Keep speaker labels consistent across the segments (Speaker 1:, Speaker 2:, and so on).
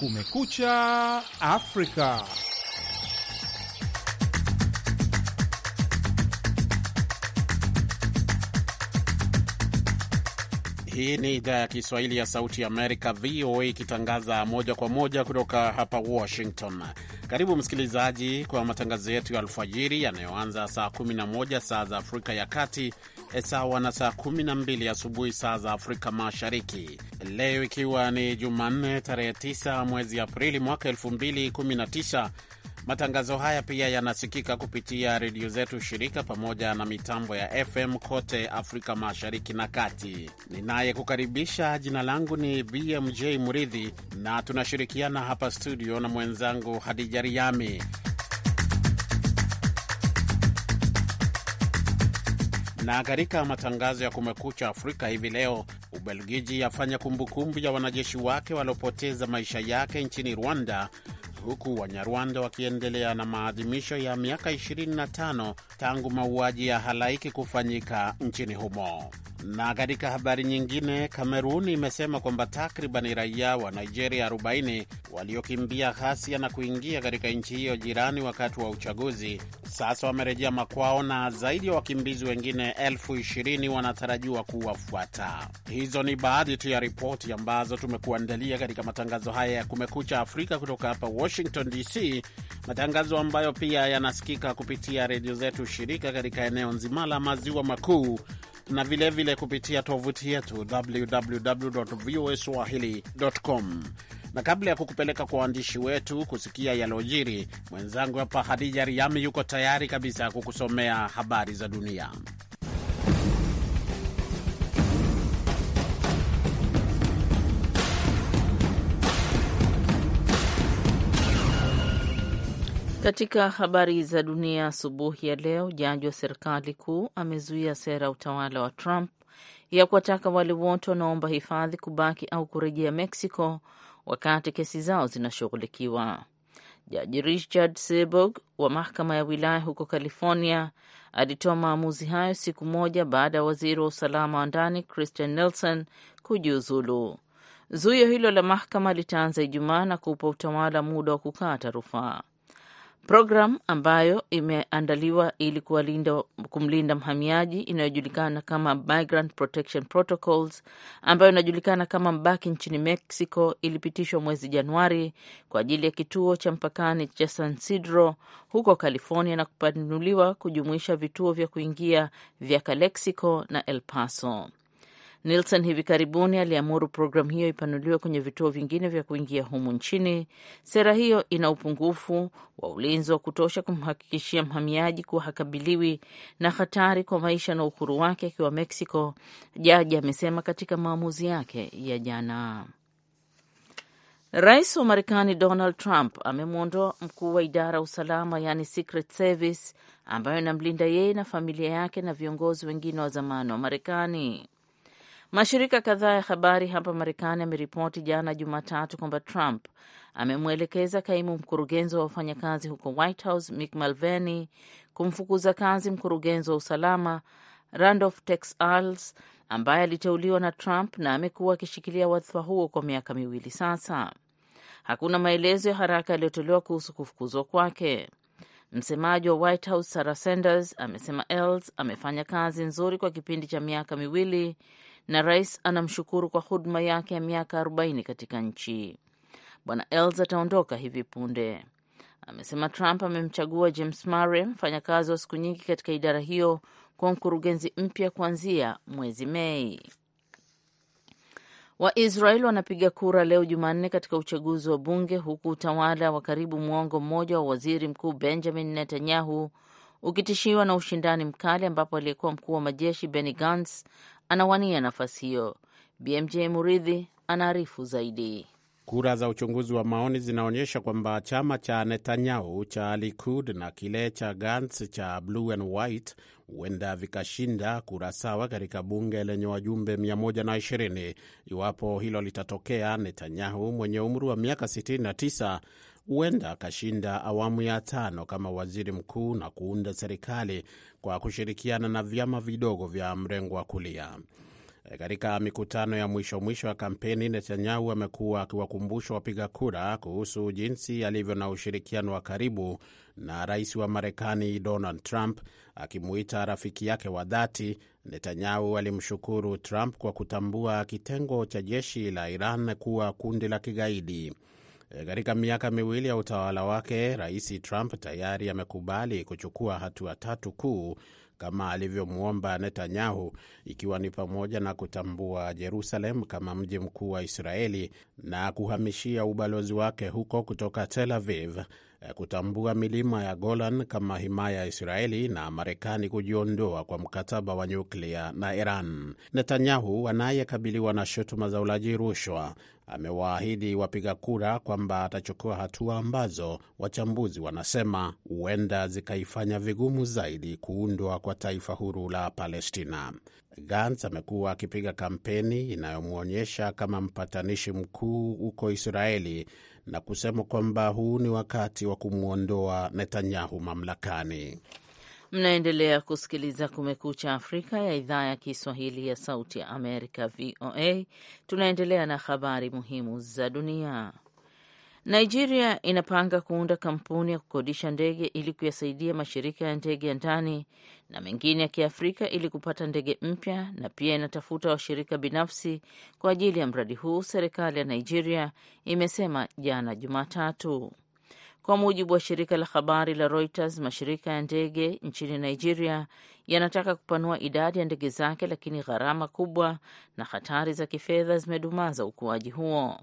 Speaker 1: Kumekucha Afrika.
Speaker 2: Hii ni idhaa ya Kiswahili ya Sauti Amerika, VOA, ikitangaza moja kwa moja kutoka hapa Washington. Karibu msikilizaji kwa matangazo yetu ya alfajiri yanayoanza saa 11 saa za Afrika ya Kati E, sawa na saa 12 asubuhi saa za Afrika Mashariki. Leo ikiwa ni Jumanne tarehe 9 mwezi Aprili mwaka 2019. Matangazo haya pia yanasikika kupitia redio zetu shirika pamoja na mitambo ya FM kote Afrika Mashariki na Kati. Ninayekukaribisha, jina langu ni BMJ Muridhi, na tunashirikiana hapa studio na mwenzangu Hadija Riami. Na katika matangazo ya Kumekucha Afrika hivi leo, Ubelgiji yafanya kumbukumbu ya wanajeshi wake waliopoteza maisha yake nchini Rwanda, huku Wanyarwanda wakiendelea na maadhimisho ya miaka 25 tangu mauaji ya halaiki kufanyika nchini humo. Na katika habari nyingine, Kamerun imesema kwamba takribani raia wa Nigeria 40 waliokimbia ghasia na kuingia katika nchi hiyo jirani wakati wa uchaguzi sasa wamerejea makwao na zaidi ya wa wakimbizi wengine elfu wanatarajiwa kuwafuata. Hizo ni baadhi tu ya ripoti ambazo tumekuandalia katika matangazo haya ya Kumekucha Afrika kutoka hapa Washington DC, matangazo ambayo pia yanasikika kupitia redio zetu shirika katika eneo nzima la maziwa makuu na vilevile vile kupitia tovuti yetu www.voaswahili.com. Na kabla ya kukupeleka kwa waandishi wetu kusikia yalojiri, mwenzangu hapa Hadija Riami yuko tayari kabisa kukusomea habari za dunia.
Speaker 3: Katika habari za dunia asubuhi ya leo, jaji wa serikali kuu amezuia sera ya utawala wa Trump ya kuwataka wale wote wanaomba hifadhi kubaki au kurejea Mexico wakati kesi zao zinashughulikiwa. Jaji Richard Seaborg wa mahakama ya wilaya huko California alitoa maamuzi hayo siku moja baada ya waziri wa usalama wa ndani Christian Nelson kujiuzulu. Zuio hilo la mahakama litaanza Ijumaa na kuupa utawala muda wa kukata rufaa programu ambayo imeandaliwa ili kuwalinda, kumlinda mhamiaji inayojulikana kama Migrant Protection Protocols ambayo inajulikana kama Mbaki nchini Mexico ilipitishwa mwezi Januari kwa ajili ya kituo cha mpakani cha San Sidro huko California na kupanuliwa kujumuisha vituo vya kuingia vya Calexico na El Paso. Nilson hivi karibuni aliamuru programu hiyo ipanuliwe kwenye vituo vingine vya kuingia humu nchini. Sera hiyo ina upungufu wa ulinzi wa kutosha kumhakikishia mhamiaji kuwa hakabiliwi na hatari kwa maisha na uhuru wake akiwa Mexico, jaji amesema katika maamuzi yake ya jana. Rais wa Marekani Donald Trump amemwondoa mkuu wa idara ya usalama yaani Secret Service ambayo inamlinda yeye na familia yake na viongozi wengine wa zamani wa Marekani. Mashirika kadhaa ya habari hapa Marekani yameripoti jana Jumatatu kwamba Trump amemwelekeza kaimu mkurugenzi wa wafanyakazi huko White House Mick Mulvaney kumfukuza kazi mkurugenzi wa usalama Randolph Tex Arls ambaye aliteuliwa na Trump na amekuwa akishikilia wadhifa huo kwa miaka miwili sasa. Hakuna maelezo ya haraka yaliyotolewa kuhusu kufukuzwa kwake. Msemaji wa White House Sarah Sanders amesema Els amefanya kazi nzuri kwa kipindi cha miaka miwili na rais anamshukuru kwa huduma yake ya miaka 40 katika nchi. Bwana Els ataondoka hivi punde, amesema. Trump amemchagua James Murray, mfanyakazi wa siku nyingi katika idara hiyo, kwa mkurugenzi mpya kuanzia mwezi Mei. waisrael wanapiga kura leo Jumanne katika uchaguzi wa bunge huku utawala wa karibu mwongo mmoja wa waziri mkuu Benjamin Netanyahu ukitishiwa na ushindani mkali ambapo aliyekuwa mkuu wa majeshi Benny Gantz anawania nafasi hiyo. BMJ Muridhi anaarifu zaidi.
Speaker 2: Kura za uchunguzi wa maoni zinaonyesha kwamba chama cha Netanyahu cha Likud na kile cha Gantz cha Blue and White huenda vikashinda kura sawa katika bunge lenye wajumbe 120. Iwapo hilo litatokea, Netanyahu mwenye umri wa miaka 69 huenda akashinda awamu ya tano kama waziri mkuu na kuunda serikali kwa kushirikiana na vyama vidogo vya mrengo wa kulia. E, katika mikutano ya mwisho mwisho ya kampeni, Netanyahu amekuwa akiwakumbusha wapiga kura kuhusu jinsi alivyo na ushirikiano wa karibu na rais wa Marekani Donald Trump, akimuita rafiki yake wa dhati. Netanyahu alimshukuru Trump kwa kutambua kitengo cha jeshi la Iran kuwa kundi la kigaidi. Eh, katika miaka miwili ya utawala wake, Rais Trump tayari amekubali kuchukua hatua tatu kuu kama alivyomwomba Netanyahu, ikiwa ni pamoja na kutambua Jerusalem kama mji mkuu wa Israeli na kuhamishia ubalozi wake huko kutoka Tel Aviv Eh, kutambua milima ya Golan kama himaya ya Israeli na Marekani kujiondoa kwa mkataba wa nyuklia na Iran. Netanyahu anayekabiliwa na shutuma za ulaji rushwa amewaahidi wapiga kura kwamba atachukua hatua ambazo wachambuzi wanasema huenda zikaifanya vigumu zaidi kuundwa kwa taifa huru la Palestina. Gantz amekuwa akipiga kampeni inayomwonyesha kama mpatanishi mkuu huko Israeli na kusema kwamba huu ni wakati wa kumwondoa Netanyahu mamlakani.
Speaker 3: Mnaendelea kusikiliza Kumekucha Afrika ya idhaa ya Kiswahili ya Sauti ya Amerika, VOA. Tunaendelea na habari muhimu za dunia. Nigeria inapanga kuunda kampuni ya kukodisha ndege ili kuyasaidia mashirika ya ndege ya ndani na mengine ya Kiafrika ili kupata ndege mpya, na pia inatafuta washirika binafsi kwa ajili ya mradi huu, serikali ya Nigeria imesema jana Jumatatu. Kwa mujibu wa shirika la habari la Reuters, mashirika ya ndege nchini Nigeria yanataka kupanua idadi ya ndege zake, lakini gharama kubwa na hatari za kifedha zimedumaza ukuaji huo.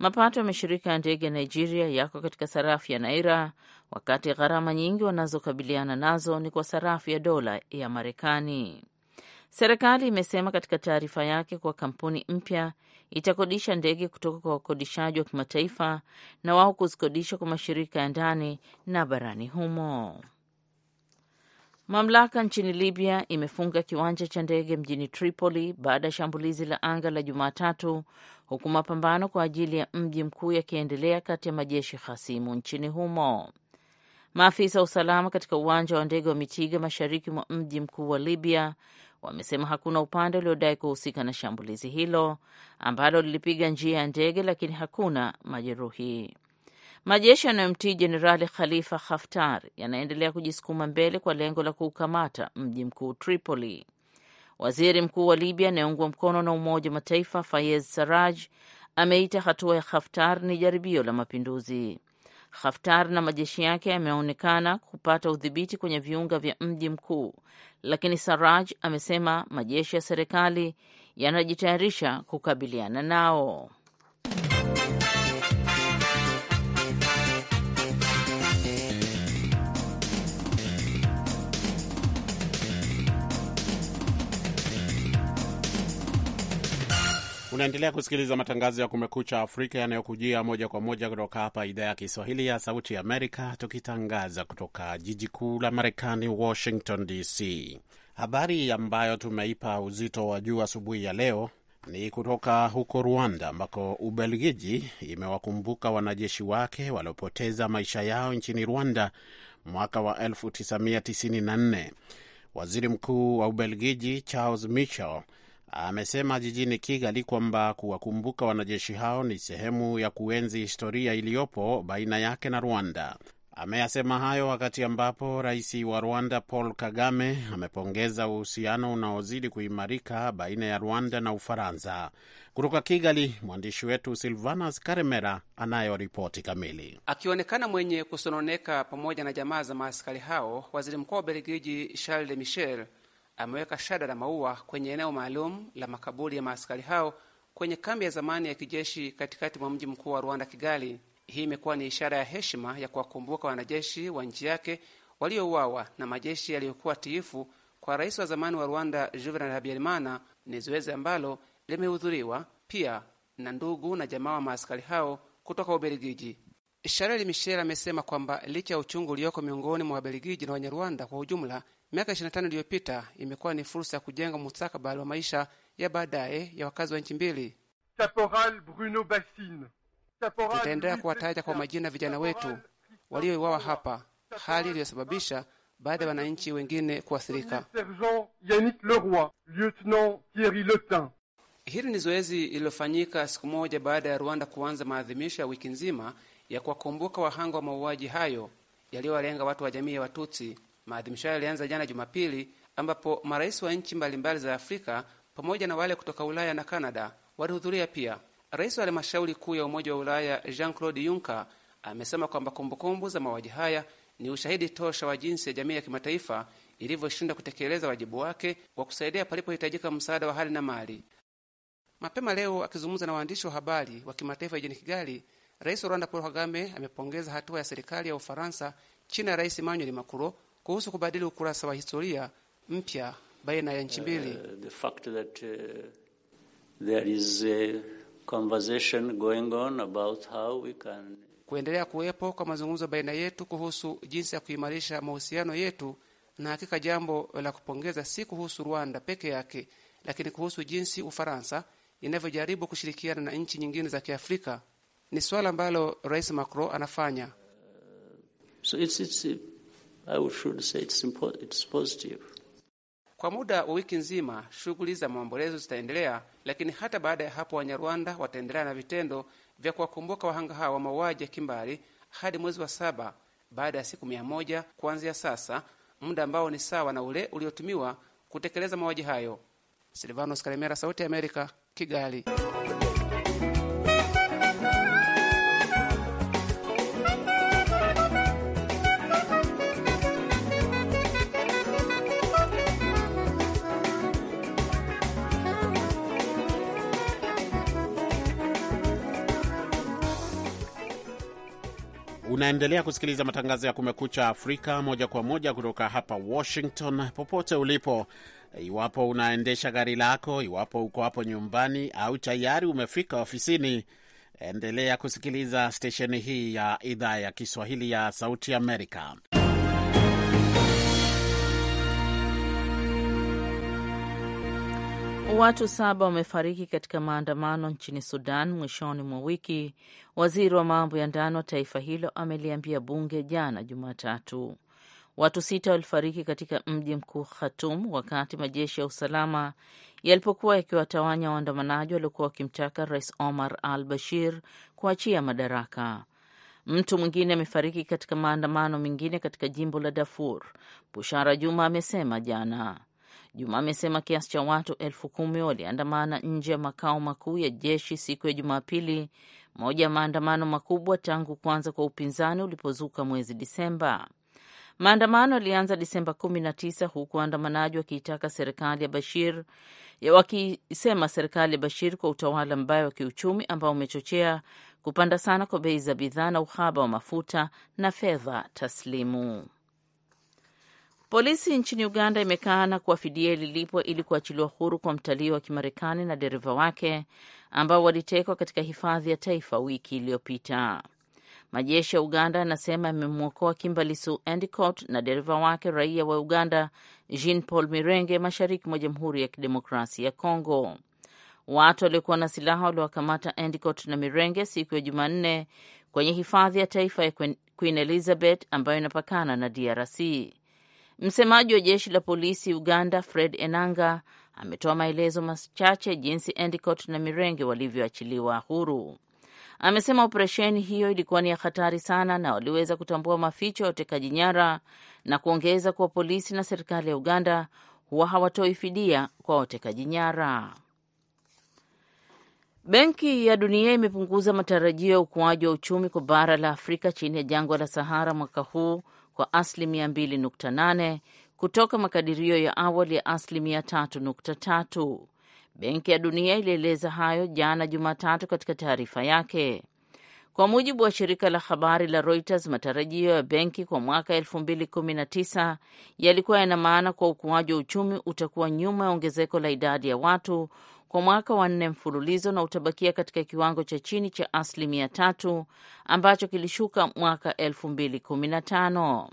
Speaker 3: Mapato ya mashirika ya ndege ya Nigeria yako katika sarafu ya naira, wakati gharama nyingi wanazokabiliana nazo ni kwa sarafu ya dola ya Marekani. Serikali imesema katika taarifa yake kuwa kampuni mpya itakodisha ndege kutoka kwa wakodishaji wa kimataifa na wao kuzikodisha kwa mashirika ya ndani na barani humo. Mamlaka nchini Libya imefunga kiwanja cha ndege mjini Tripoli baada ya shambulizi la anga la Jumatatu, huku mapambano kwa ajili ya mji mkuu yakiendelea kati ya majeshi hasimu nchini humo. Maafisa wa usalama katika uwanja wa ndege wa Mitiga, mashariki mwa mji mkuu wa Libya, wamesema hakuna upande uliodai kuhusika na shambulizi hilo ambalo lilipiga njia ya ndege, lakini hakuna majeruhi. Majeshi yanayomtii Jenerali Khalifa Haftar yanaendelea kujisukuma mbele kwa lengo la kuukamata mji mkuu Tripoli. Waziri Mkuu wa Libya anayeungwa mkono na Umoja wa Mataifa Fayez Saraj ameita hatua ya Haftar ni jaribio la mapinduzi. Haftar na majeshi yake yameonekana kupata udhibiti kwenye viunga vya mji mkuu, lakini Saraj amesema majeshi ya serikali yanajitayarisha kukabiliana nao.
Speaker 2: Unaendelea kusikiliza matangazo ya Kumekucha Afrika yanayokujia moja kwa moja kutoka hapa idhaa ya Kiswahili ya Sauti ya Amerika, tukitangaza kutoka jiji kuu la Marekani, Washington DC. Habari ambayo tumeipa uzito wa juu asubuhi ya leo ni kutoka huko Rwanda ambako Ubelgiji imewakumbuka wanajeshi wake waliopoteza maisha yao nchini Rwanda mwaka wa 1994. Waziri Mkuu wa Ubelgiji Charles Michel amesema jijini Kigali kwamba kuwakumbuka wanajeshi hao ni sehemu ya kuenzi historia iliyopo baina yake na Rwanda. Ameyasema hayo wakati ambapo rais wa Rwanda Paul Kagame amepongeza uhusiano unaozidi kuimarika baina ya Rwanda na Ufaransa. Kutoka Kigali, mwandishi wetu Silvanas Karemera anayo ripoti kamili.
Speaker 4: Akionekana mwenye kusononeka pamoja na jamaa za maaskari hao, waziri mkuu wa Ubelgiji Charles de Michel ameweka shada la maua kwenye eneo maalum la makaburi ya maaskari hao kwenye kambi ya zamani ya kijeshi katikati mwa mji mkuu wa Rwanda, Kigali. Hii imekuwa ni ishara ya heshima ya kuwakumbuka wanajeshi wa nchi yake waliouawa na majeshi yaliyokuwa tiifu kwa rais wa zamani wa Rwanda, Juvenal Habyarimana. Ni zoezi ambalo limehudhuriwa pia na ndugu na jamaa wa maaskari hao kutoka Ubelgiji. Charles Michel amesema kwamba licha ya uchungu ulioko miongoni mwa Wabelgiji na Wanyarwanda kwa ujumla Miaka 25 iliyopita imekuwa ni fursa ya kujenga mustakabali wa maisha ya baadaye ya wakazi wa nchi mbili. Tutaendelea kuwataja kwa majina vijana wetu waliouawa hapa, hali iliyosababisha baadhi ya wananchi wengine kuathirika. Hili ni zoezi lililofanyika siku moja baada ya Rwanda kuanza maadhimisho ya wiki nzima ya kuwakumbuka wahanga wa mauaji hayo yaliyowalenga watu wa jamii ya Watutsi. Maadhimisho hayo yalianza jana Jumapili, ambapo marais wa nchi mbalimbali za Afrika pamoja na wale kutoka Ulaya na Kanada walihudhuria pia. Rais wa halmashauri kuu ya Umoja wa Ulaya Jean Claude Juncker amesema kwamba kumbukumbu za mauaji haya ni ushahidi tosha wa jinsi ya jamii ya kimataifa ilivyoshindwa kutekeleza wajibu wake wa kusaidia palipohitajika msaada wa hali na mali. Mapema leo akizungumza na waandishi wa habari wa kimataifa jijini Kigali, rais wa Rwanda Paul Kagame amepongeza hatua ya serikali ya Ufaransa chini ya rais Emmanuel Macron kuhusu kubadili ukurasa wa historia mpya baina ya nchi mbili.
Speaker 2: Uh,
Speaker 1: uh,
Speaker 4: Kuendelea kuwepo kwa mazungumzo baina yetu kuhusu jinsi ya kuimarisha mahusiano yetu, na hakika jambo la kupongeza si kuhusu Rwanda peke yake, lakini kuhusu jinsi Ufaransa inavyojaribu kushirikiana na nchi nyingine za Kiafrika. Ni suala ambalo Rais Macron anafanya. Uh,
Speaker 2: so it's, it's, I should say it's, it's positive.
Speaker 4: Kwa muda wa wiki nzima shughuli za maombolezo zitaendelea, lakini hata baada ya hapo Wanyarwanda wataendelea na vitendo vya kuwakumbuka wahanga hawa wa mauaji ya kimbari hadi mwezi wa saba baada ya siku mia moja kuanzia sasa, muda ambao ni sawa na ule uliotumiwa kutekeleza mauaji hayo. Silvanos Karemera, Sauti ya Amerika, Kigali.
Speaker 2: Unaendelea kusikiliza matangazo ya Kumekucha Afrika moja kwa moja kutoka hapa Washington. Popote ulipo, iwapo unaendesha gari lako, iwapo uko hapo nyumbani au tayari umefika ofisini, endelea kusikiliza stesheni hii ya idhaa ya Kiswahili ya Sauti Amerika.
Speaker 3: Watu saba wamefariki katika maandamano nchini Sudan mwishoni mwa wiki, waziri wa mambo ya ndani wa taifa hilo ameliambia bunge jana Jumatatu. Watu sita walifariki katika mji mkuu Khartoum wakati majeshi ya usalama yalipokuwa yakiwatawanya waandamanaji waliokuwa wakimtaka Rais Omar al Bashir kuachia madaraka. Mtu mwingine amefariki katika maandamano mengine katika jimbo la Darfur, Bushara Juma amesema jana. Juma amesema kiasi cha watu elfu kumi waliandamana nje ya makao makuu ya jeshi siku ya Jumapili, moja ya maandamano makubwa tangu kuanza kwa upinzani ulipozuka mwezi Disemba. Maandamano yalianza Disemba 19 huku waandamanaji wakiitaka serikali ya Bashir wakisema serikali ya Bashir kwa utawala mbaya wa kiuchumi ambao umechochea kupanda sana kwa bei za bidhaa na uhaba wa mafuta na fedha taslimu. Polisi nchini Uganda imekaana fidia lilipwa ili kuachiliwa huru kwa mtalii wa Kimarekani na dereva wake ambao walitekwa katika hifadhi ya taifa wiki iliyopita. Majeshi ya Uganda yanasema yamemwokoa Kimberly Sue Endicott na dereva wake raia wa Uganda Jean Paul Mirenge mashariki mwa Jamhuri ya Kidemokrasia ya Kongo. Watu waliokuwa na silaha waliwakamata Endicott na Mirenge siku ya Jumanne kwenye hifadhi ya taifa ya Queen Elizabeth ambayo inapakana na DRC. Msemaji wa jeshi la polisi Uganda, Fred Enanga, ametoa maelezo machache jinsi Endicott na Mirenge walivyoachiliwa huru. Amesema operesheni hiyo ilikuwa ni ya hatari sana na waliweza kutambua maficho ya utekaji nyara na kuongeza kuwa polisi na serikali ya Uganda huwa hawatoi fidia kwa watekaji nyara. Benki ya Dunia imepunguza matarajio ya ukuaji wa uchumi kwa bara la Afrika chini ya jangwa la Sahara mwaka huu kwa asilimia 2.8 kutoka makadirio ya awali ya asilimia 3.3. Benki ya Dunia ilieleza hayo jana Jumatatu katika taarifa yake. Kwa mujibu wa shirika la habari la Reuters, matarajio ya benki kwa mwaka 2019 yalikuwa yana maana kwa ukuaji wa uchumi utakuwa nyuma ya ongezeko la idadi ya watu kwa mwaka wa nne mfululizo na utabakia katika kiwango cha chini cha asilimia tatu ambacho kilishuka mwaka elfu mbili kumi na tano.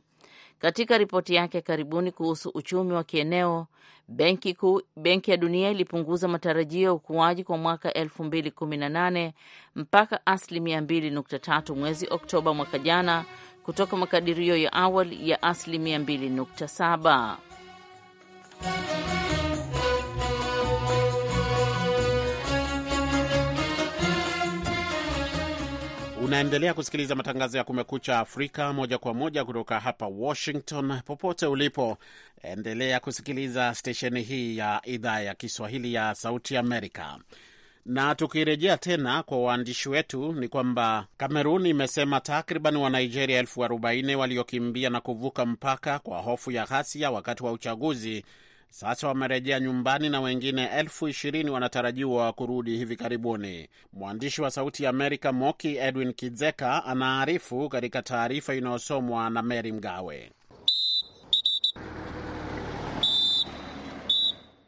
Speaker 3: Katika ripoti yake karibuni kuhusu uchumi wa kieneo benki kuu, Benki ya Dunia ilipunguza matarajio ya ukuaji kwa mwaka 2018 mpaka asilimia 2.3 mwezi Oktoba mwaka jana kutoka makadirio ya awali ya asilimia 2.7.
Speaker 2: Unaendelea kusikiliza matangazo ya Kumekucha Afrika moja kwa moja kutoka hapa Washington. Popote ulipo, endelea kusikiliza stesheni hii ya idhaa ya Kiswahili ya Sauti Amerika. Na tukirejea tena kwa waandishi wetu, ni kwamba Kamerun imesema takriban Wanigeria elfu arobaini waliokimbia na kuvuka mpaka kwa hofu ya ghasia wakati wa uchaguzi sasa wamerejea nyumbani na wengine elfu ishirini wanatarajiwa kurudi hivi karibuni. Mwandishi wa Sauti ya Amerika Moki Edwin kizeka anaarifu katika taarifa inayosomwa na Meri Mgawe.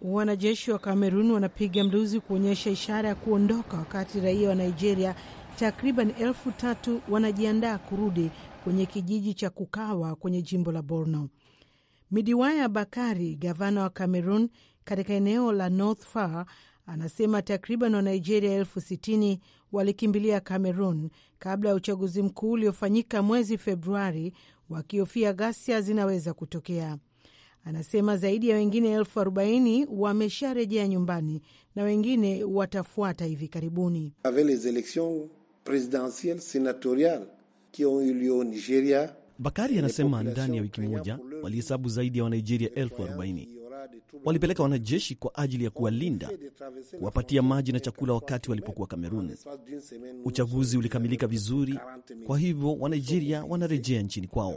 Speaker 5: Wanajeshi wa Kamerun wanapiga mluzi kuonyesha ishara ya kuondoka, wakati raia wa Nigeria takriban elfu tatu wanajiandaa kurudi kwenye kijiji cha Kukawa kwenye jimbo la Borno. Midiwaya Bakari, gavana wa Cameroon katika eneo la North Far, anasema takriban wa Nigeria elfu sitini walikimbilia Cameroon kabla ya uchaguzi mkuu uliofanyika mwezi Februari, wakihofia ghasia zinaweza kutokea. Anasema zaidi ya wengine elfu arobaini wamesharejea nyumbani na wengine watafuata hivi karibuni.
Speaker 2: avec les elections presidentielles senatoriales qui ont eu lieu au Nigeria
Speaker 6: Bakari anasema ndani ya wiki moja walihesabu zaidi ya Wanigeria elfu arobaini walipeleka wanajeshi kwa ajili ya kuwalinda, kuwapatia maji na chakula wakati walipokuwa Kamerun. Uchaguzi ulikamilika vizuri, kwa hivyo Wanigeria wanarejea nchini kwao.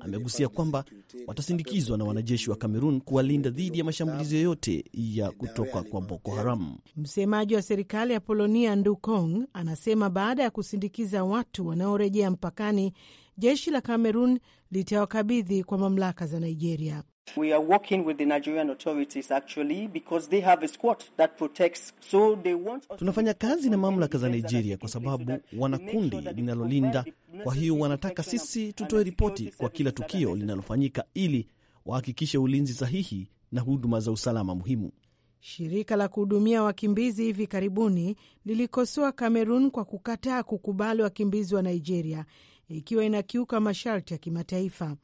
Speaker 6: Amegusia kwamba watasindikizwa na wanajeshi wa Kamerun kuwalinda dhidi ya mashambulizi yoyote ya kutoka kwa Boko Haram.
Speaker 5: Msemaji wa serikali ya Polonia Ndukong anasema baada ya kusindikiza watu wanaorejea mpakani jeshi la Cameroon litawakabidhi kwa mamlaka
Speaker 1: za Nigeria. We are working with the Nigerian authorities actually because they have a squad
Speaker 6: that protects. So they want... Tunafanya kazi na mamlaka za Nigeria kwa sababu wana kundi linalolinda, kwa hiyo wanataka sisi tutoe ripoti kwa kila tukio linalofanyika ili wahakikishe ulinzi sahihi na huduma za usalama muhimu.
Speaker 5: Shirika la kuhudumia wakimbizi hivi karibuni lilikosoa Kamerun kwa kukataa kukubali wakimbizi wa Nigeria ikiwa inakiuka masharti ya kimataifa.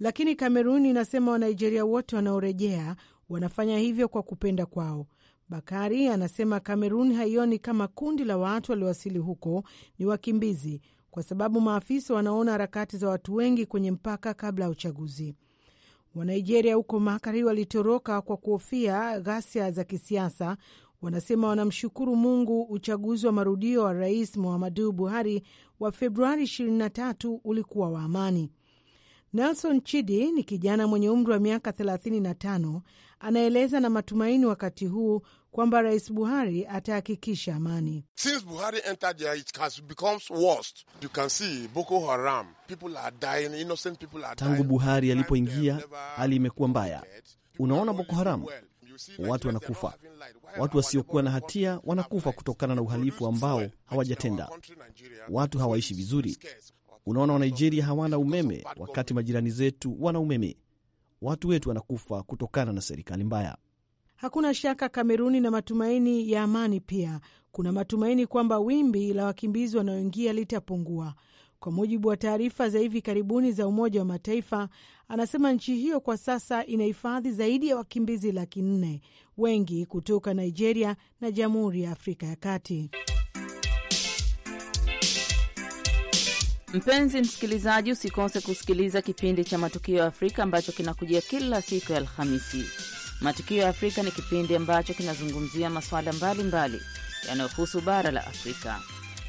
Speaker 5: Lakini Kamerun inasema Wanigeria wote wanaorejea wanafanya hivyo kwa kupenda kwao. Bakari anasema Kamerun haioni kama kundi la watu waliowasili huko ni wakimbizi, kwa sababu maafisa wanaona harakati za watu wengi kwenye mpaka kabla ya uchaguzi. Wanigeria huko Makari walitoroka kwa kuhofia ghasia za kisiasa wanasema wanamshukuru Mungu. Uchaguzi wa marudio wa Rais Muhammadu Buhari wa Februari 23 ulikuwa wa amani. Nelson Chidi ni kijana mwenye umri wa miaka 35, anaeleza na matumaini wakati huu kwamba Rais Buhari atahakikisha amani.
Speaker 2: Tangu
Speaker 6: Buhari alipoingia, hali imekuwa mbaya. Unaona Boko Haramu watu wanakufa, watu wasiokuwa na hatia wanakufa kutokana na uhalifu ambao hawajatenda. Watu hawaishi vizuri. Unaona, wa Nigeria hawana umeme, wakati majirani zetu wana umeme. Watu wetu wanakufa kutokana na serikali mbaya.
Speaker 5: Hakuna shaka Kameruni na matumaini ya amani. Pia kuna matumaini kwamba wimbi la wakimbizi wanaoingia litapungua. Kwa mujibu wa taarifa za hivi karibuni za Umoja wa Mataifa, anasema nchi hiyo kwa sasa inahifadhi zaidi ya wakimbizi laki nne, wengi kutoka Nigeria na Jamhuri ya Afrika ya Kati. Mpenzi msikilizaji, usikose kusikiliza kipindi cha Matukio ya Afrika
Speaker 3: ambacho kinakujia kila siku ya Alhamisi. Matukio ya Afrika ni kipindi ambacho kinazungumzia masuala mbalimbali yanayohusu bara la Afrika.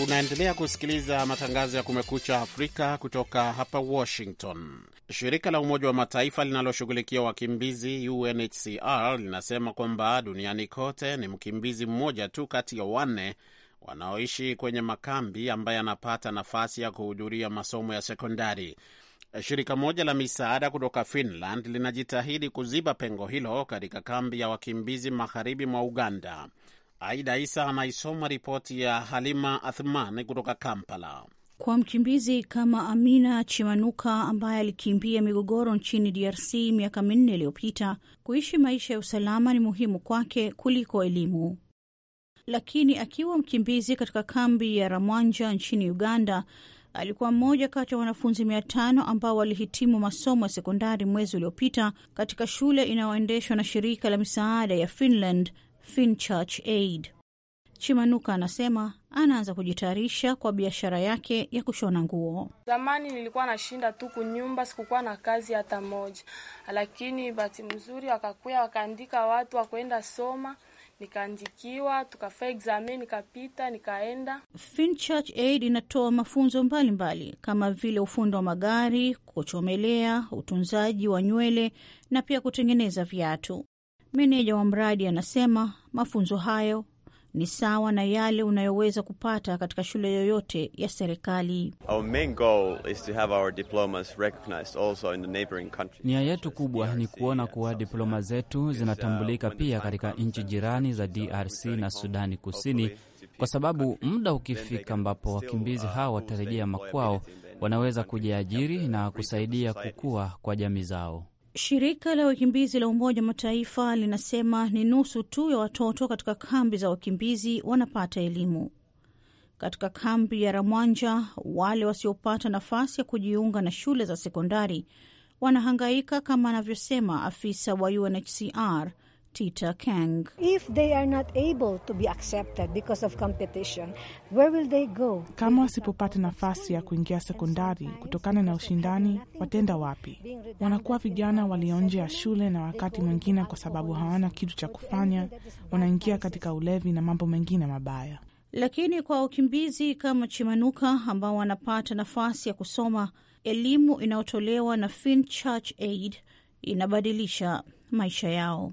Speaker 2: Unaendelea kusikiliza matangazo ya Kumekucha Afrika kutoka hapa Washington. Shirika la Umoja wa Mataifa linaloshughulikia wakimbizi UNHCR linasema kwamba duniani kote ni mkimbizi mmoja tu kati ya wanne wanaoishi kwenye makambi ambaye anapata nafasi ya kuhudhuria masomo ya sekondari. Shirika moja la misaada kutoka Finland linajitahidi kuziba pengo hilo katika kambi ya wakimbizi magharibi mwa Uganda. Aida Isa anaisoma ripoti ya Halima Athman kutoka Kampala.
Speaker 7: Kwa mkimbizi kama Amina Chimanuka ambaye alikimbia migogoro nchini DRC miaka minne iliyopita, kuishi maisha ya usalama ni muhimu kwake kuliko elimu. Lakini akiwa mkimbizi katika kambi ya Ramwanja nchini Uganda, alikuwa mmoja kati ya wanafunzi mia tano ambao walihitimu masomo ya sekondari mwezi uliopita katika shule inayoendeshwa na shirika la misaada ya Finland Finchurch Aid. Chimanuka anasema anaanza kujitayarisha kwa biashara yake ya kushona nguo.
Speaker 3: Zamani nilikuwa nashinda tu kunyumba, sikukuwa na kazi hata moja, lakini bahati mzuri wakakuya wakaandika watu wakuenda soma nikaandikiwa tukafaa examen nikapita, nikaenda.
Speaker 7: Finchurch Aid inatoa mafunzo mbalimbali mbali, kama vile ufundi wa magari, kuchomelea, utunzaji wa nywele na pia kutengeneza viatu. Meneja wa mradi anasema mafunzo hayo ni sawa na yale unayoweza kupata katika shule yoyote ya serikali.
Speaker 6: Nia yetu kubwa ni
Speaker 1: kuona kuwa diploma zetu zinatambulika pia katika nchi jirani za DRC na Sudani Kusini, kwa sababu muda ukifika ambapo wakimbizi hao watarejea makwao, wanaweza kujiajiri na kusaidia kukua kwa jamii zao.
Speaker 7: Shirika la wakimbizi la Umoja wa Mataifa linasema ni nusu tu ya watoto katika kambi za wakimbizi wanapata elimu. Katika kambi ya Ramwanja, wale wasiopata nafasi ya kujiunga na shule za sekondari wanahangaika, kama anavyosema afisa wa UNHCR Tita Kang. If they are not able to be accepted because of competition, where will they go? Kama wasipopata nafasi ya kuingia
Speaker 5: sekondari kutokana na ushindani, watenda wapi? Wanakuwa vijana walio nje ya shule, na wakati mwingine kwa sababu hawana kitu cha kufanya, wanaingia katika ulevi na mambo
Speaker 7: mengine mabaya. Lakini kwa wakimbizi kama Chimanuka ambao wanapata nafasi ya kusoma, elimu inayotolewa na Fin Church Aid inabadilisha maisha yao.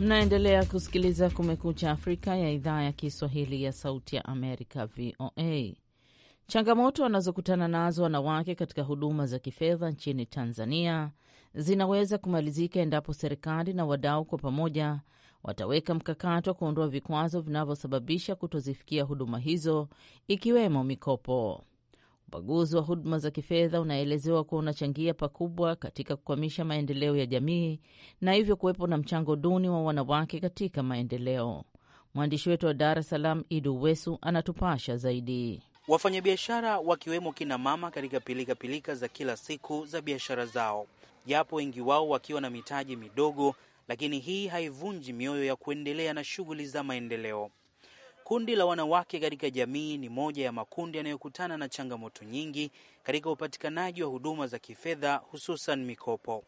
Speaker 3: Mnaendelea kusikiliza Kumekucha Afrika ya idhaa ya Kiswahili ya Sauti ya Amerika, VOA. Changamoto wanazokutana nazo wanawake katika huduma za kifedha nchini Tanzania zinaweza kumalizika endapo serikali na wadau kwa pamoja wataweka mkakati wa kuondoa vikwazo vinavyosababisha kutozifikia huduma hizo ikiwemo mikopo. Ubaguzi wa huduma za kifedha unaelezewa kuwa unachangia pakubwa katika kukwamisha maendeleo ya jamii na hivyo kuwepo na mchango duni wa wanawake katika maendeleo. Mwandishi wetu wa Dar es Salaam, Idu Wesu, anatupasha zaidi.
Speaker 1: Wafanyabiashara wakiwemo kina mama katika pilikapilika za kila siku za biashara zao, japo wengi wao wakiwa na mitaji midogo, lakini hii haivunji mioyo ya kuendelea na shughuli za maendeleo. Kundi la wanawake katika jamii ni moja ya makundi yanayokutana na changamoto nyingi katika upatikanaji wa huduma za kifedha hususan mikopo.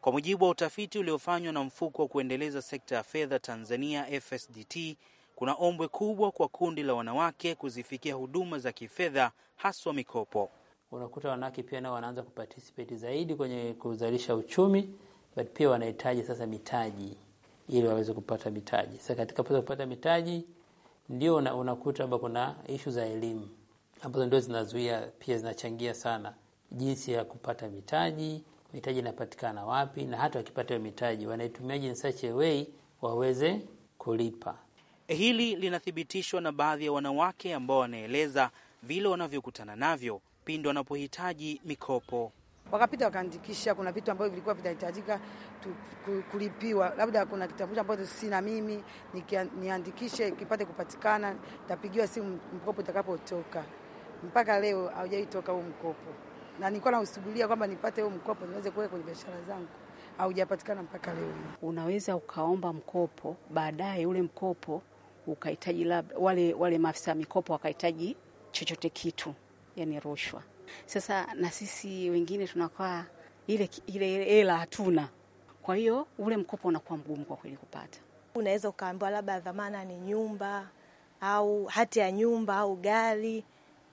Speaker 1: Kwa mujibu wa utafiti uliofanywa na mfuko wa kuendeleza sekta ya fedha Tanzania FSDT, kuna ombwe kubwa kwa kundi la wanawake kuzifikia huduma za kifedha haswa mikopo. Unakuta wanawake pia nao wanaanza kuparticipate zaidi kwenye kuzalisha uchumi, but pia wanahitaji sasa mitaji ili waweze kupata mitaji. Sasa katika kupata mitaji ndio unakuta kwamba kuna ishu za elimu ambazo ndio zinazuia pia zinachangia sana jinsi ya kupata mitaji, mitaji inapatikana wapi, na hata wakipata mitaji wanaitumiaje in such a way waweze kulipa. Hili linathibitishwa na baadhi ya wanawake ambao wanaeleza vile wanavyokutana navyo pindi wanapohitaji mikopo wakapita wakaandikisha. Kuna vitu
Speaker 5: ambavyo vilikuwa vinahitajika kulipiwa, labda kuna kitambulisho ambacho sina mimi, niandikishe kipate kupatikana, tapigiwa simu mkopo utakapotoka. Mpaka leo haujaitoka huo mkopo, na nilikuwa nausubiria kwamba nipate huo mkopo niweze kuweka kwenye biashara zangu haujapatikana mpaka leo. Unaweza ukaomba mkopo, baadaye ule mkopo ukahitaji labda wale, wale maafisa mikopo wakahitaji chochote kitu, yani rushwa. Sasa na sisi wengine tunakaa ile ile hela hatuna, kwa hiyo ule mkopo unakuwa mgumu kwa kweli kupata.
Speaker 7: Unaweza ukaambiwa labda dhamana ni nyumba au hati ya nyumba au gari,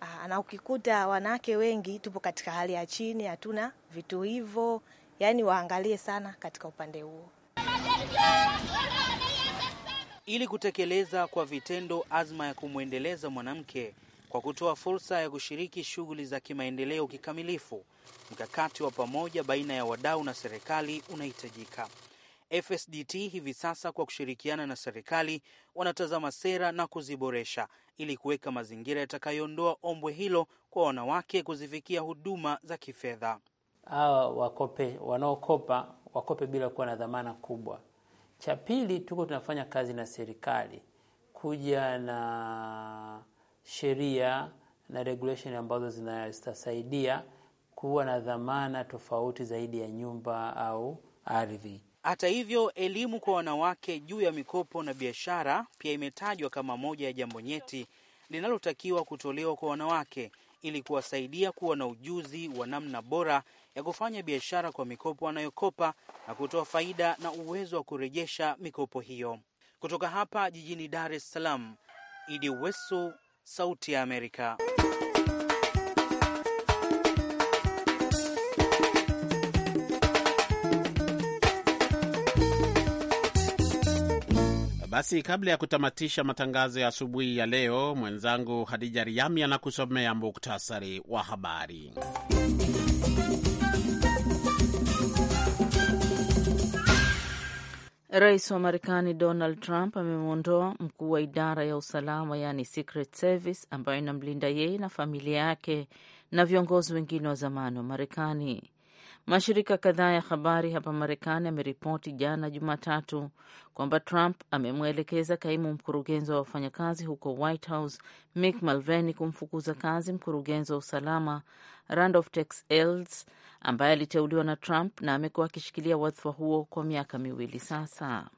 Speaker 7: ah, na ukikuta wanawake wengi tupo katika hali ya chini, hatuna vitu hivyo. yani waangalie sana katika upande huo
Speaker 1: ili kutekeleza kwa vitendo azma ya kumwendeleza mwanamke kwa kutoa fursa ya kushiriki shughuli za kimaendeleo kikamilifu. Mkakati wa pamoja baina ya wadau na serikali unahitajika. FSDT hivi sasa kwa kushirikiana na serikali wanatazama sera na kuziboresha ili kuweka mazingira yatakayoondoa ombwe hilo kwa wanawake kuzifikia huduma za kifedha. Hawa wakope wanaokopa wakope bila kuwa na dhamana kubwa. Cha pili, tuko tunafanya kazi na serikali kuja na sheria na regulation ambazo zitasaidia kuwa na dhamana tofauti zaidi ya nyumba au ardhi. Hata hivyo, elimu kwa wanawake juu ya mikopo na biashara pia imetajwa kama moja ya jambo nyeti linalotakiwa kutolewa kwa wanawake ili kuwasaidia kuwa na ujuzi wa namna bora ya kufanya biashara kwa mikopo wanayokopa na kutoa faida na uwezo wa kurejesha mikopo hiyo. Kutoka hapa jijini Dar es Salaam, Idi Wesu, Sauti ya Amerika.
Speaker 2: Basi kabla ya kutamatisha matangazo ya asubuhi ya leo, mwenzangu Hadija Riami anakusomea muktasari wa habari.
Speaker 3: Rais wa Marekani Donald Trump amemwondoa mkuu wa idara ya usalama yaani Secret Service ambayo inamlinda yeye na familia yake na viongozi wengine wa zamani wa Marekani. Mashirika kadhaa ya habari hapa Marekani yameripoti jana Jumatatu kwamba Trump amemwelekeza kaimu mkurugenzi wa wafanyakazi huko White House Mick Mulvaney kumfukuza kazi mkurugenzi wa usalama Randolph Tex els ambaye aliteuliwa na Trump na amekuwa akishikilia wadhifa huo kwa miaka miwili sasa.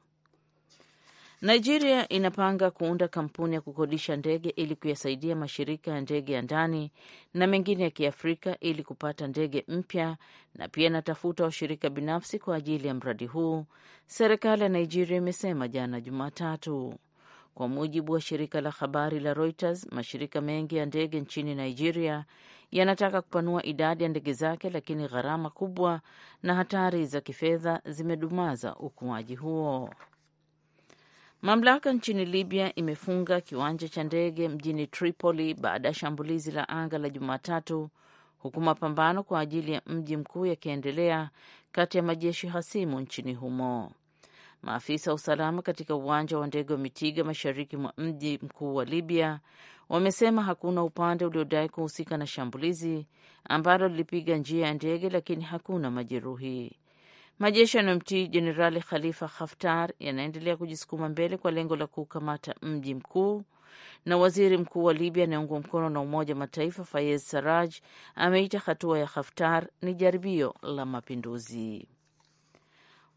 Speaker 3: Nigeria inapanga kuunda kampuni ya kukodisha ndege ili kuyasaidia mashirika ya ndege ya ndani na mengine ya Kiafrika ili kupata ndege mpya, na pia inatafuta washirika binafsi kwa ajili ya mradi huu, serikali ya Nigeria imesema jana Jumatatu, kwa mujibu wa shirika la habari la Reuters. Mashirika mengi ya ndege nchini Nigeria yanataka kupanua idadi ya ndege zake, lakini gharama kubwa na hatari za kifedha zimedumaza ukuaji huo. Mamlaka nchini Libya imefunga kiwanja cha ndege mjini Tripoli baada ya shambulizi la anga la Jumatatu, huku mapambano kwa ajili ya mji mkuu yakiendelea kati ya majeshi hasimu nchini humo. Maafisa wa usalama katika uwanja wa ndege wa Mitiga mashariki mwa mji mkuu wa Libya wamesema hakuna upande uliodai kuhusika na shambulizi ambalo lilipiga njia ya ndege, lakini hakuna majeruhi. Majeshi yanayomtii Jenerali Khalifa Haftar yanaendelea kujisukuma mbele kwa lengo la kuukamata mji mkuu, na waziri mkuu wa Libya anayeungwa mkono na Umoja wa Mataifa Fayez Saraj ameita hatua ya Haftar ni jaribio la mapinduzi.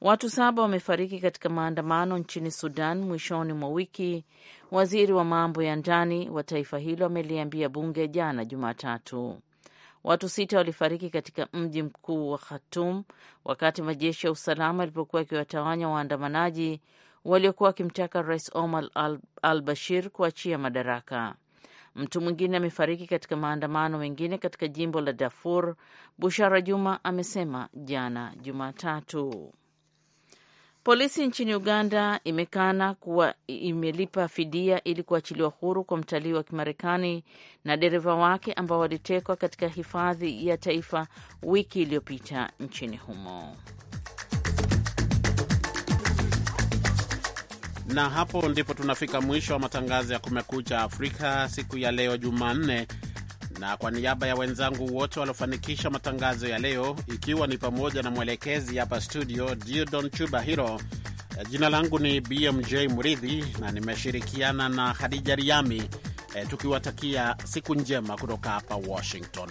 Speaker 3: Watu saba wamefariki katika maandamano nchini Sudan mwishoni mwa wiki, waziri wa mambo ya ndani wa taifa hilo ameliambia bunge jana Jumatatu. Watu sita walifariki katika mji mkuu wa Khartoum wakati majeshi ya usalama yalipokuwa yakiwatawanya waandamanaji waliokuwa wakimtaka Rais Omar al, Bashir kuachia madaraka. Mtu mwingine amefariki katika maandamano mengine katika jimbo la Darfur, Bushara Juma amesema jana Jumatatu. Polisi nchini Uganda imekana kuwa imelipa fidia ili kuachiliwa huru kwa mtalii wa Kimarekani na dereva wake ambao walitekwa katika hifadhi ya taifa wiki iliyopita nchini humo.
Speaker 2: Na hapo ndipo tunafika mwisho wa matangazo ya Kumekucha Afrika siku ya leo Jumanne na kwa niaba ya wenzangu wote waliofanikisha matangazo ya leo, ikiwa ni pamoja na mwelekezi hapa studio Diodon Chuba Hiro, eh, jina langu ni BMJ Muridhi na nimeshirikiana na Khadija Riami, eh, tukiwatakia siku njema kutoka hapa Washington.